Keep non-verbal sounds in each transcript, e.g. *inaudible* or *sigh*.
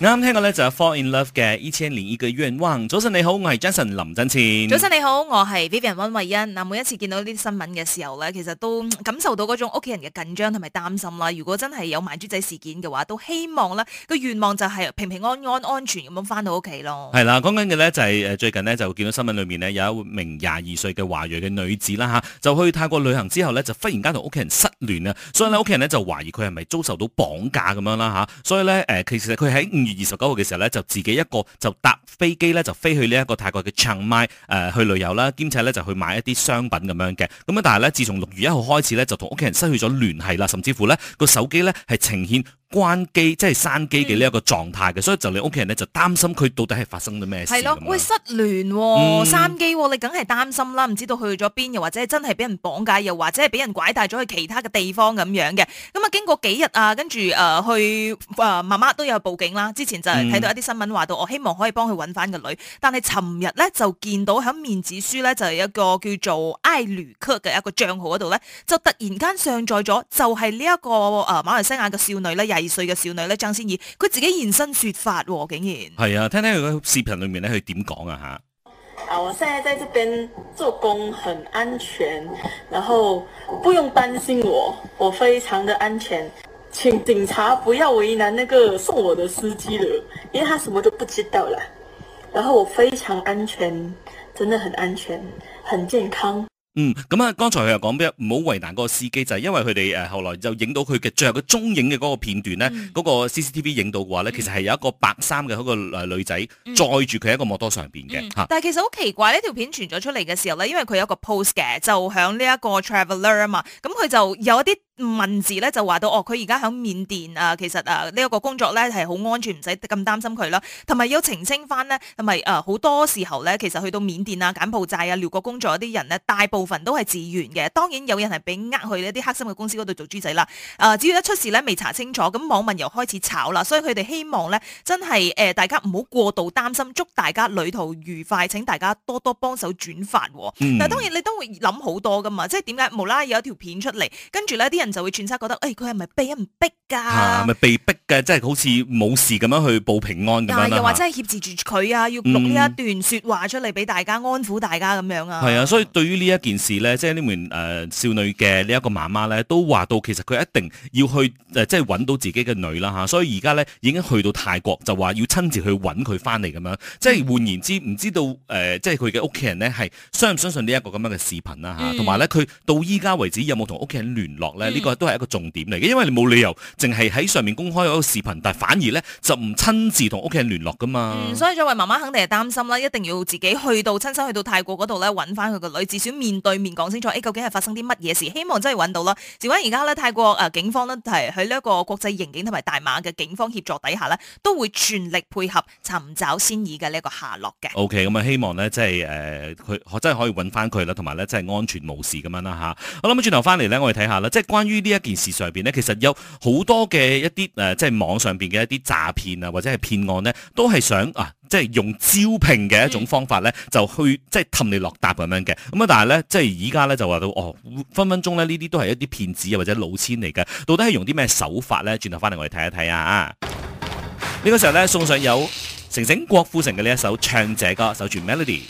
啱聽個咧就係、是、Fall in Love 嘅一千零一個願望。早晨你好，我係 Jason 林振前。早晨你好，我係 Vivian 溫慧欣。嗱，每一次見到呢啲新聞嘅時候咧，其實都感受到嗰種屋企人嘅緊張同埋擔心啦。如果真係有賣豬仔事件嘅話，都希望咧、這個願望就係平平安安、安全咁樣翻到屋企咯。係啦，講緊嘅咧就係、是、誒最近呢，就見到新聞裏面呢有一名廿二歲嘅華裔嘅女子啦吓，就去泰國旅行之後呢，就忽然間同屋企人失聯啦，所以咧屋企人呢，就懷疑佢係咪遭受到綁架咁樣啦吓。所以咧誒其實佢喺月二十九號嘅時候咧，就自己一個就搭飛機咧，就飛去呢一個泰國嘅清邁誒去旅遊啦，兼且咧就去買一啲商品咁樣嘅。咁樣但係咧，自從六月一號開始咧，就同屋企人失去咗聯繫啦，甚至乎咧個手機咧係呈現。關機即係閂機嘅呢一個狀態嘅，所以就你屋企人咧就擔心佢到底係發生咗咩事。係咯、啊，會、哦，失聯喎，閂機喎，你梗係擔心啦，唔知道去咗邊，又或者真係俾人綁架，又或者係俾人拐帶咗去其他嘅地方咁樣嘅。咁、嗯、啊，經過幾日啊，跟住、啊、去、啊、媽媽都有報警啦。之前就係睇到一啲新聞話到，我希望可以幫佢揾翻個女。但係尋日咧就見到喺面子書咧就係一個叫做 Iluke 嘅一個帳號嗰度咧，就突然間上載咗、這個，就係呢一個馬來西亞嘅少女咧，二歲嘅少女咧，張詩儀，佢自己現身說法，哦，竟然係啊，聽聽佢個視頻裏面呢，佢點講啊吓？啊，我現在在這邊做工很安全，然後不用擔心我，我非常的安全，請警察不要為難那個送我的司機了，因為他什麼都不知道了。然後我非常安全，真的很安全，很健康。嗯，咁啊，剛才佢又講咩？唔好為難嗰個司機，就係、是、因為佢哋誒，後來就影到佢嘅最後個蹤影嘅嗰個片段咧，嗰、嗯那個 CCTV 影到嘅話咧、嗯，其實係有一個白衫嘅個誒女仔載住佢一個摩托上邊嘅吓。但係其實好奇怪呢條片傳咗出嚟嘅時候咧，因為佢有個 post 嘅，就響呢一個 traveler 啊嘛，咁佢就有一啲。文字咧就話到哦，佢而家響緬甸啊，其實啊呢一、這個工作咧係好安全，唔使咁擔心佢啦。同埋要澄清翻咧，同埋啊好多時候咧，其實去到緬甸啊、柬埔寨啊、寮國工作啲人咧，大部分都係自願嘅。當然有人係畀呃去呢啲黑心嘅公司嗰度做豬仔啦。啊，只要一出事咧未查清楚，咁網民又開始炒啦。所以佢哋希望咧真係誒、呃、大家唔好過度擔心，祝大家旅途愉快，請大家多多幫手轉發、哦。嗯。嗱，當然你都會諗好多噶嘛，即係點解無啦啦有一條片出嚟，跟住呢啲人就會揣測覺得，誒佢係咪被唔逼㗎？嚇，係咪被逼嘅，即係好似冇事咁樣去報平安咁樣啦。又話真係挾持住佢啊，啊要錄呢一段説話出嚟俾大家、嗯、安撫大家咁樣啊。係啊，所以對於呢一件事咧，即係呢門誒、呃、少女嘅呢一個媽媽咧，都話到其實佢一定要去誒、呃，即係揾到自己嘅女啦嚇、啊。所以而家咧已經去到泰國，就話要親自去揾佢翻嚟咁樣。即係換言之，唔、嗯、知道誒、呃，即係佢嘅屋企人咧，係相唔相信呢一個咁樣嘅視頻啦嚇。同埋咧，佢、啊、到依家為止有冇同屋企人聯絡咧？呢、嗯這個都係一個重點嚟嘅，因為你冇理由淨係喺上面公開嗰個視頻，但係反而咧就唔親自同屋企人聯絡噶嘛、嗯。所以作為媽媽肯定係擔心啦，一定要自己去到親身去到泰國嗰度咧揾翻佢個女，至少面對面講清楚，誒究竟係發生啲乜嘢事？希望真係揾到啦。至於而家咧泰國啊、呃、警方咧係喺呢一個國際刑警同埋大馬嘅警方協助底下咧，都會全力配合尋找仙兒嘅呢一個下落嘅。OK，咁、嗯、啊希望咧即係誒佢真係可以揾翻佢啦，同埋咧即係安全無事咁樣啦嚇、嗯。我諗轉頭翻嚟咧，我哋睇下啦，即係關。關於呢一件事上邊呢，其實有好多嘅一啲誒、呃，即係網上邊嘅一啲詐騙啊，或者係騙案呢，都係想啊，即係用招聘嘅一種方法呢，就去即係氹你落搭咁樣嘅。咁啊，但係呢，即係而家呢，就話到哦，分分鐘呢，呢啲都係一啲騙子啊或者老千嚟嘅。到底係用啲咩手法呢？轉頭翻嚟我哋睇一睇啊！呢、這個時候呢，送上有成成郭富城嘅呢一首唱者歌《守住 Melody》。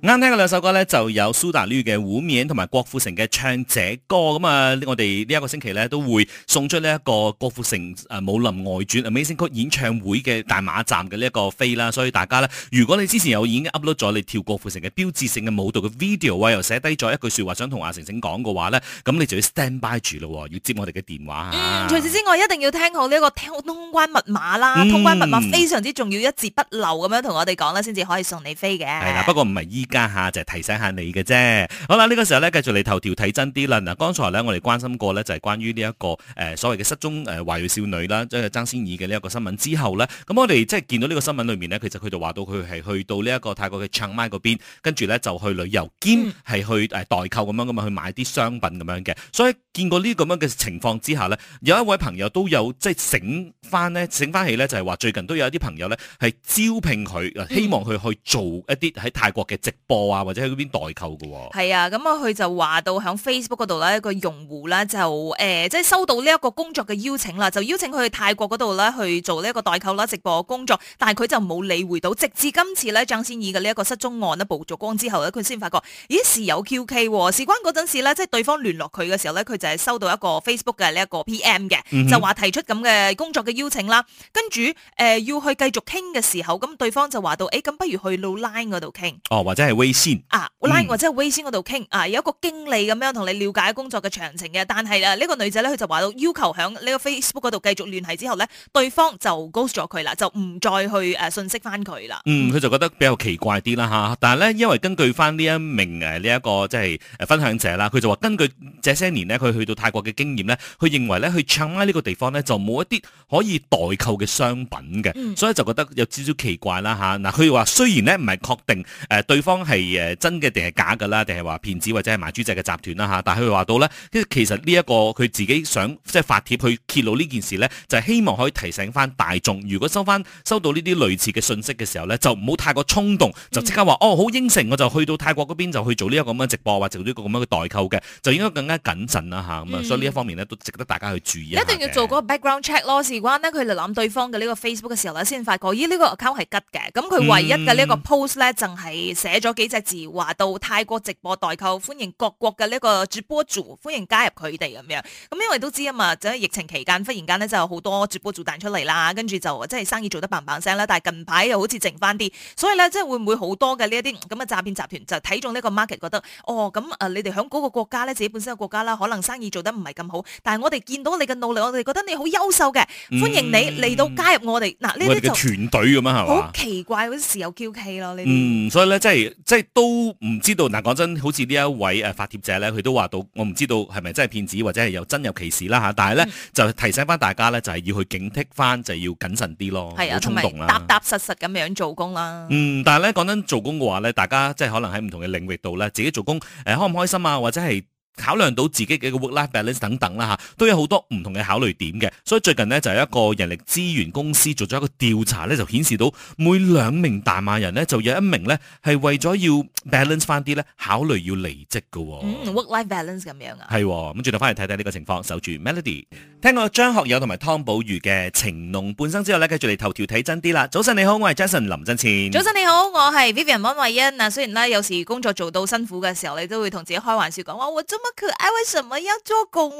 啱聽嘅兩首歌咧，就有蘇打綠嘅《湖面》同埋郭富城嘅《唱者歌》。咁啊，我哋呢一個星期咧都會送出呢一個郭富城誒《武林外傳》Amazing 曲演唱會嘅大馬站嘅呢一個飛啦。所以大家咧，如果你之前有已經 upload 咗你跳郭富城嘅標誌性嘅舞蹈嘅 video 啊，又寫低咗一句說話想同阿成成講嘅話咧，咁你就要 stand by 住咯，要接我哋嘅電話。嗯，除此之外，一定要聽好呢一個通關密碼啦。嗯，通關密碼非常之重要，一字不漏咁樣同我哋講啦，先至可以送你飛嘅。係啦，不過唔係家下就係提醒下你嘅啫。好啦，呢、這個時候咧，繼續嚟頭條睇真啲啦。嗱，剛才咧，我哋關心過咧，就係、是、關於呢、這、一個、呃、所謂嘅失蹤懷、呃、華裔少女啦，即、就、係、是、張先怡嘅呢一個新聞之後咧，咁我哋即係見到呢個新聞裏面咧，其實佢就話到佢係去到呢一個泰國嘅唱麥嗰邊，跟住咧就去旅遊兼係去代購咁樣咁啊，去買啲商品咁樣嘅。所以見過呢咁樣嘅情況之下咧，有一位朋友都有即係醒翻咧，醒翻起咧，就係、是、話最近都有一啲朋友咧係招聘佢，希望佢去做一啲喺泰國嘅直播啊，或者喺嗰邊代購嘅喎。係啊，咁、嗯、啊，佢就話到喺 Facebook 嗰度咧，一個用戶咧就誒即係收到呢一個工作嘅邀請啦，就邀請佢去泰國嗰度咧去做呢一個代購啦、直播工作。但係佢就冇理會到，直至今次咧張先意嘅呢一個失蹤案咧爆咗光之後咧，佢先發覺咦，事有蹊蹺喎。事關嗰陣時咧，即、就、係、是、對方聯絡佢嘅時候咧，佢就係收到一個 Facebook 嘅呢一個 PM 嘅、嗯，就話提出咁嘅工作嘅邀請啦。跟住誒、呃、要去繼續傾嘅時候，咁對方就話到，誒、欸、咁不如去 Line 嗰度傾哦，或者。係微信啊，我拉我 e 者係微信度傾啊，有一個經理咁樣同你了解工作嘅詳情嘅，但係啊呢個女仔咧，佢就話到要求響呢個 Facebook 度繼續聯繫之後咧，對方就 ghost 咗佢啦，就唔再去誒信息翻佢啦。嗯，佢就覺得比較奇怪啲啦吓，但係咧因為根據翻呢一名誒呢一個即係誒分享者啦，佢就話根據這些年咧，佢去到泰國嘅經驗咧，佢認為咧去長灘呢個地方咧就冇一啲可以代購嘅商品嘅，嗯，所以就覺得有少少奇怪啦吓。嗱，啊，佢話雖然咧唔係確定誒對方。係誒真嘅定係假㗎啦，定係話騙子或者係賣豬仔嘅集團啦嚇。但係佢話到咧，其實呢、這、一個佢自己想即係發帖去揭露呢件事咧，就係、是、希望可以提醒翻大眾，如果收翻收到呢啲類似嘅信息嘅時候咧，就唔好太過衝動，就即刻話、嗯、哦好應承，我就去到泰國嗰邊就去做呢一個咁樣直播或者做呢個咁樣嘅代購嘅，就應該更加謹慎啦嚇。咁啊、嗯，所以呢一方面咧都值得大家去注意一。一定要做個 background check 咯，事關呢，佢嚟諗對方嘅呢個 Facebook 嘅時候咧，先發覺咦呢個 account 係吉嘅。咁佢唯一嘅呢個 post 咧，就係寫咗。咗幾隻字話到泰國直播代購，歡迎各國嘅呢個主播做，歡迎加入佢哋咁樣。咁因為都知啊嘛，就喺疫情期間，忽然間咧就有好多主播做彈出嚟啦，跟住就即係、就是、生意做得棒棒聲啦。但係近排又好似靜返啲，所以咧即係會唔會好多嘅呢一啲咁嘅詐騙集團就睇中呢個 market，覺得哦咁，誒，你哋響嗰個國家咧，自己本身嘅國家啦，可能生意做得唔係咁好，但係我哋見到你嘅努力，我哋覺得你好優秀嘅，歡迎你嚟到加入我哋，嗱呢啲就團隊咁樣，係好奇怪，嗰啲事有蹊蹺咯呢。嗯，所以咧即係。就是即係都唔知道嗱，講、啊、真，好似呢一位誒發、啊、帖者咧，佢都話到，我唔知道係咪真係騙子，或者係有真有其事啦吓、啊。但係咧、嗯、就提醒翻大家咧，就係、是、要去警惕翻，就係要謹慎啲咯，冇衝、啊、動啦，踏踏實實咁樣做工啦。嗯，但係咧講真，說說做工嘅話咧，大家即係可能喺唔同嘅領域度咧，自己做工誒、呃、開唔開心啊，或者係。考量到自己嘅 work-life balance 等等啦、啊、吓，都有好多唔同嘅考慮點嘅，所以最近咧就有一個人力資源公司做咗一個調查咧，就顯示到每兩名大馬人咧就有一名咧係為咗要 balance 翻啲咧考慮要離職嘅、啊。嗯、work-life balance 咁樣啊？係咁、哦，轉頭翻嚟睇睇呢個情況守住 Melody。聽過張學友同埋湯寶如嘅情濃半生之後咧，繼續嚟頭條睇真啲啦。早晨你好，我係 Jason 林振前。早晨你好，我係 Vivian 溫慧欣。啊，雖然咧有時工作做到辛苦嘅時候，你都會同自己開玩笑講：「哇，我佢、啊、愛為什麼要做工？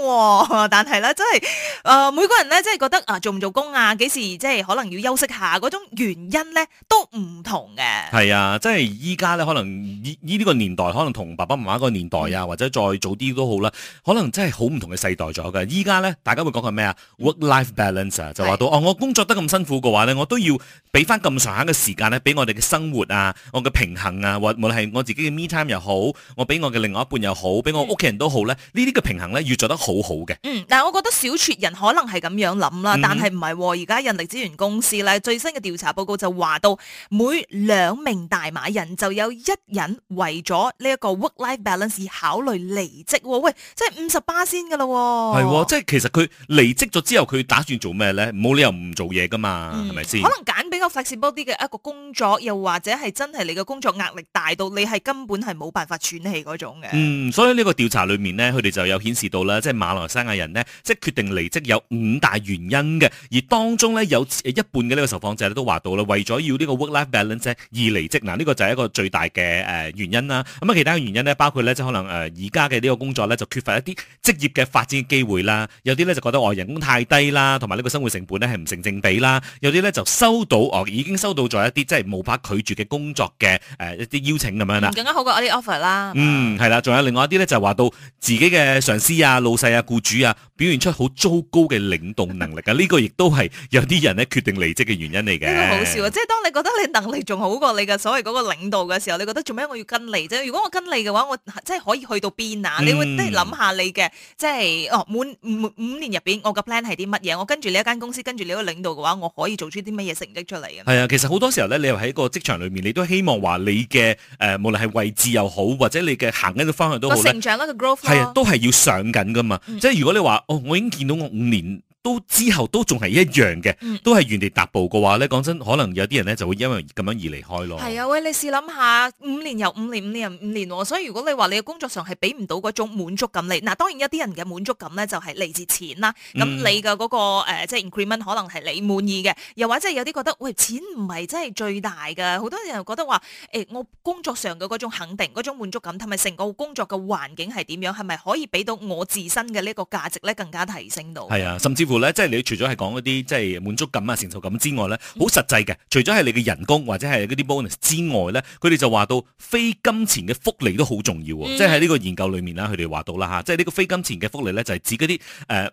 但係咧，真係誒、呃，每個人咧，真係覺得啊，做唔做工啊，幾時即係可能要休息下嗰種原因咧，都唔同嘅。係啊，即係依家咧，可能依呢、這個年代，可能同爸爸媽媽個年代啊、嗯，或者再早啲都好啦，可能真係好唔同嘅世代咗嘅。依家咧，大家會講佢咩啊？Work-life balance 就話到哦，我工作得咁辛苦嘅話咧，我都要俾翻咁上下嘅時間咧，俾我哋嘅生活啊，我嘅平衡啊，或無論係我自己嘅 me time 又好，我俾我嘅另外一半又好，俾我屋企人、嗯。都好咧，呢啲嘅平衡咧，要做得好好嘅。嗯，但係我覺得小撮人可能係咁樣諗啦、嗯，但係唔係，而家人力資源公司咧最新嘅調查報告就話到，每兩名大馬人就有一人為咗呢一個 work-life balance 考慮離職。喂，即係五十巴仙噶咯，係、哦哦、即係其實佢離職咗之後，佢打算做咩咧？冇理由唔做嘢噶嘛，係咪先？可能揀比較 flexible 啲嘅一個工作，又或者係真係你嘅工作壓力大到你係根本係冇辦法喘氣嗰種嘅。嗯，所以呢個調查。裏面呢，佢哋就有顯示到啦，即係馬來西亞人呢，即係決定離職有五大原因嘅，而當中呢，有一半嘅呢個受訪者都話到啦為咗要呢個 work-life balance 而離職，嗱，呢個就係一個最大嘅、呃、原因啦。咁啊，其他嘅原因呢，包括呢，即可能、呃、而家嘅呢個工作呢，就缺乏一啲職業嘅發展機會啦，有啲呢，就覺得我人工太低啦，同埋呢個生活成本呢，係唔成正比啦，有啲呢，就收到哦已經收到咗一啲即係無法拒絕嘅工作嘅、呃、一啲邀請咁樣啦，更加好過我啲 offer 啦。嗯，係啦，仲有另外一啲呢，就話到，自己嘅上司啊、老細啊、僱主啊，表現出好糟糕嘅領導能力啊！呢 *laughs* 個亦都係有啲人咧決定離職嘅原因嚟嘅。呢個好笑啊！即係當你覺得你能力仲好過你嘅所謂嗰個領導嘅時候，你覺得做咩我要跟你啫？如果我跟你嘅話，我即係可以去到邊啊？嗯、你會即係諗下你嘅即係哦，滿五年入邊，我嘅 plan 係啲乜嘢？我跟住你一間公司，跟住你個領導嘅話，我可以做出啲乜嘢成績出嚟啊？係啊，其實好多時候咧，你又喺個職場裏面，你都希望話你嘅誒、呃，無論係位置又好，或者你嘅行緊個方向都好，係啊，都係要上緊噶嘛，嗯、即係如果你話哦，我已經見到我五年。都之後都仲係一樣嘅，都係原地踏步嘅話咧，講真，可能有啲人咧就會因為咁樣而離開咯。係啊，喂，你試諗下，五年又五年，五年又五年，所以如果你話你嘅工作上係俾唔到嗰種滿足感，你嗱，當然有啲人嘅滿足感咧就係嚟自錢啦。咁、嗯、你嘅嗰、嗰個誒、呃，即係 increment 可能係你滿意嘅，又或者有啲覺得喂，錢唔係真係最大嘅，好多人又覺得話，誒，我工作上嘅嗰種肯定、嗰種滿足感，同埋成個工作嘅環境係點樣，係咪可以俾到我自身嘅呢個價值咧更加提升到？係啊，甚至。即係你除咗係講嗰啲即係滿足感啊、成就感之外咧，好實際嘅。除咗係你嘅人工或者係嗰啲 bonus 之外咧，佢哋就話到非金錢嘅福利都好重要，、嗯、即係喺呢個研究裏面啦，佢哋話到啦吓，即係呢個非金錢嘅福利咧，就係、是、指嗰啲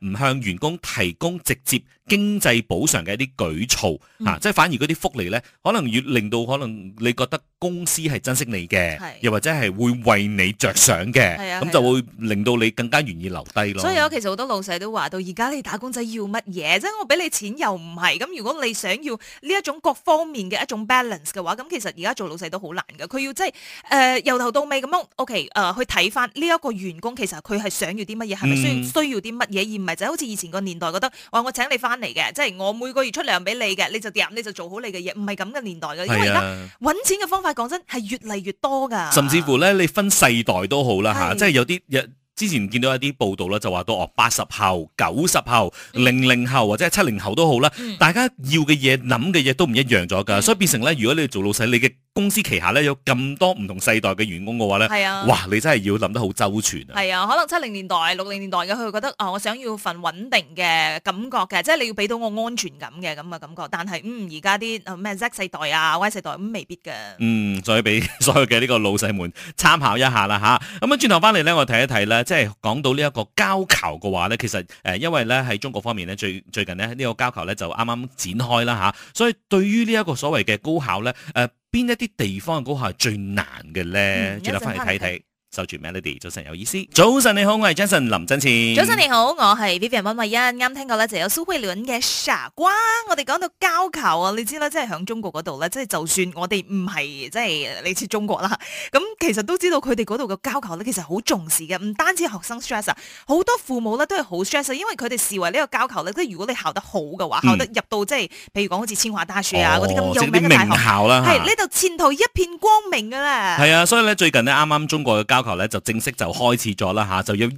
誒唔向員工提供直接。經濟補償嘅一啲舉措嚇、嗯啊，即係反而嗰啲福利咧，可能越令到可能你覺得公司係珍惜你嘅，又或者係會為你着想嘅，咁、啊、就會令到你更加願意留低咯。所以其實好多老細都話到，而家你打工仔要乜嘢？即係我俾你錢又唔係。咁如果你想要呢一種各方面嘅一種 balance 嘅話，咁其實而家做老細都好難㗎。佢要即係誒由頭到尾咁樣 OK 誒、呃、去睇翻呢一個員工其實佢係想要啲乜嘢，係咪需需要啲乜嘢，而唔係就好似以前個年代覺得，我請你翻。嚟嘅，即係我每個月出糧俾你嘅，你就掂，你就做好你嘅嘢，唔係咁嘅年代嘅。因為而家搵錢嘅方法講真係越嚟越多噶甚至乎咧你分世代都好啦吓，即係有啲有之前見到一啲報道咧，就話到哦，八十後、九十後、零零後或者係七零後都好啦，大家要嘅嘢、諗嘅嘢都唔一樣咗噶，所以變成咧，如果你哋做老細，你嘅公司旗下咧有咁多唔同世代嘅員工嘅話咧、啊，哇！你真係要諗得好周全啊！係啊，可能七零年代、六零年代嘅佢會覺得啊、呃，我想要份穩定嘅感覺嘅，即係你要俾到我安全感嘅咁嘅感覺。但係嗯，而家啲咩 Z 世代啊 Y 世代咁未必嘅。嗯，再俾、啊嗯嗯、所、所有嘅呢個老細們參考一下啦吓，咁啊，轉頭翻嚟咧，我睇一睇咧，即係講到呢一個交球嘅話咧，其實誒、呃，因為咧喺中國方面咧，最最近呢，呢、呢個交球咧就啱啱展開啦吓、啊，所以對於呢一個所謂嘅高考咧誒。呃邊一啲地方嘅高考係最難嘅咧？轉頭翻嚟睇睇。守住 Melody，早晨有意思。早晨你好，我係 Jason 林振前。早晨你好，我係 Vivian 溫慧欣。啱聽過咧就有蘇慧倫嘅傻瓜。我哋講到交球啊，你知啦，即係響中國嗰度咧，即係就算我哋唔係即係類似中國啦，咁其實都知道佢哋嗰度嘅交球咧，其實好重視嘅。唔單止學生 stress，好多父母咧都係好 stress，因為佢哋視為呢個交球咧，即係如果你考得好嘅話，考得入到即係，譬如講好似清華大學啊嗰啲咁有名嘅名校啦，係呢度前途一片光明噶啦。係啊，所以咧最近咧啱啱中國嘅交。後咧就正式就開始咗啦吓，就要一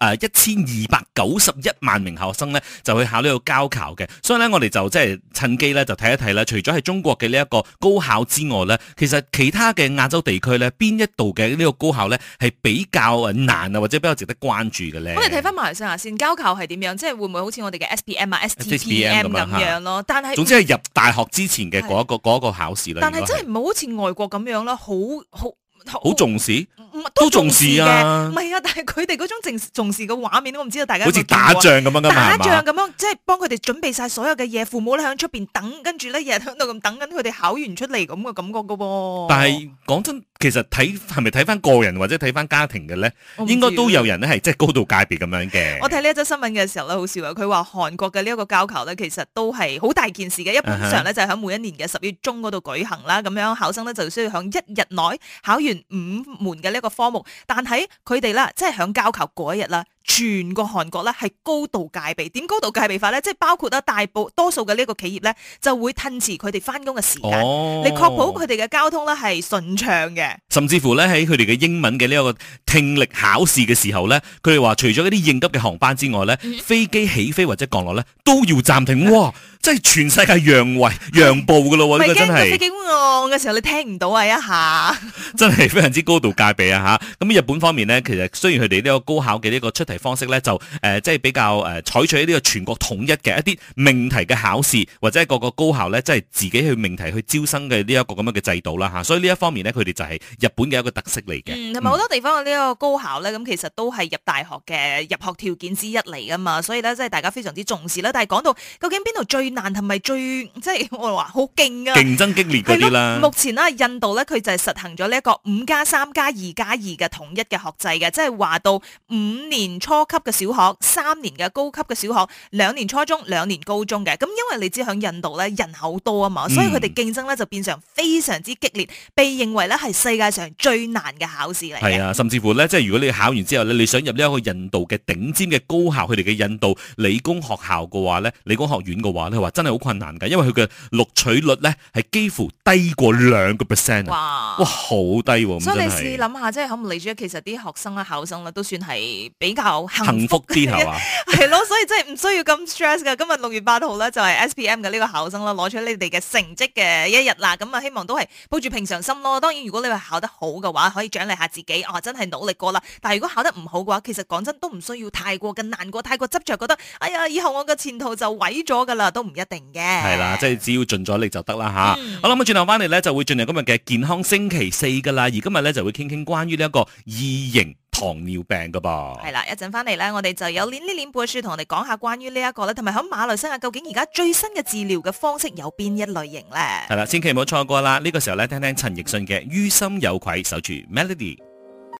誒一千二百九十一萬名學生咧就去考呢個交考嘅，所以咧我哋就即係趁機咧就睇一睇啦。除咗係中國嘅呢一個高考之外咧，其實其他嘅亞洲地區咧邊一度嘅呢個高考咧係比較難啊，或者比較值得關注嘅咧？我哋睇翻馬來西亞先，交考係點樣？即係會唔會好似我哋嘅 S P M 啊 S T P M 咁樣咯？但係總之係入大學之前嘅嗰一個個考試啦。但係真係唔好似外國咁樣啦，好好。好重視，都重視嘅，唔係啊，啊！但係佢哋嗰種重視重視嘅畫面，我唔知道大家好似打仗咁樣噶嘛，打仗咁樣，即係幫佢哋準備晒所有嘅嘢，父母咧喺出邊等，跟住咧日日響度咁等緊佢哋考完出嚟咁嘅感覺噶。但係講真。其實睇係咪睇翻個人或者睇翻家庭嘅，咧，應該都有人咧係即係高度界別咁樣嘅。我睇呢一則新聞嘅時候咧，好笑啊！佢話韓國嘅呢一個交球咧，其實都係好大件事嘅。一般上咧就係喺每一年嘅十月中嗰度舉行啦，咁樣考生咧就需要喺一日內考完五門嘅呢一個科目。但係佢哋啦，即係喺交球嗰一日啦。全個韓國咧係高度戒備，點高度戒備法咧？即係包括咧大部多數嘅呢個企業咧，就會吞遲佢哋翻工嘅時間，嚟、哦、確保佢哋嘅交通咧係順暢嘅。甚至乎咧喺佢哋嘅英文嘅呢一個聽力考試嘅時候咧，佢哋話除咗一啲應急嘅航班之外咧、嗯，飛機起飛或者降落咧都要暫停。哇！ *laughs* 真係全世界讓位、讓步噶咯喎！唔係驚飛機岸嘅時候，你聽唔到啊一下！ *laughs* 真係非常之高度戒備啊嚇！咁日本方面呢，其實雖然佢哋呢個高考嘅呢個出題方式呢，就誒即係比較誒、呃、採取呢個全國統一嘅一啲命題嘅考試，或者係個個高校呢，即、就、係、是、自己去命題去招生嘅呢一個咁樣嘅制度啦嚇、啊。所以呢一方面呢，佢哋就係日本嘅一個特色嚟嘅。同埋好多地方嘅呢個高考呢，咁其實都係入大學嘅入學條件之一嚟噶嘛。所以呢，即係大家非常之重視啦。但係講到究竟邊度最？但係咪最即係我話好勁啊？競爭激烈嗰啲啦。目前啦，印度咧佢就係實行咗呢一個五加三加二加二嘅統一嘅學制嘅，即係話到五年初級嘅小學，三年嘅高級嘅小學，兩年初中，兩年高中嘅。咁因為你知響印度咧人口多啊嘛，所以佢哋競爭咧就變成非常之激烈，嗯、被認為咧係世界上最難嘅考試嚟嘅。係啊，甚至乎咧，即係如果你考完之後，呢，你想入呢一個印度嘅頂尖嘅高校，佢哋嘅印度理工學校嘅話咧，理工學院嘅話咧。話真係好困難噶，因為佢嘅錄取率咧係幾乎低過兩個 percent，哇，哇好低、啊，所以你試諗下，即係可唔嚟住其實啲學生啦、考生啦都算係比較幸福啲係嘛？係咯、啊， *laughs* 所以真係唔需要咁 stress 噶。今日六月八號咧就係 S P M 嘅呢個考生啦，攞取你哋嘅成績嘅一日啦，咁啊希望都係抱住平常心咯。當然如果你話考得好嘅話，可以獎勵下自己，我、哦、真係努力過啦。但係如果考得唔好嘅話，其實講真都唔需要太過咁難過，太過執着，覺得哎呀以後我嘅前途就毀咗噶啦，都。唔一定嘅，係啦，即係只要盡咗力就得啦吓。好啦，咁轉頭翻嚟咧，就會進入今日嘅健康星期四噶啦，而今日咧就會傾傾關於呢一個二型糖尿病噶噃。係啦，一陣翻嚟咧，我哋就有念呢念背書，同我哋講下關於呢一個咧，同埋喺馬來西亞究竟而家最新嘅治療嘅方式有邊一類型咧？係啦，千祈唔好錯過啦，呢、這個時候咧聽聽陳奕迅嘅《於心有愧》，守住 Melody。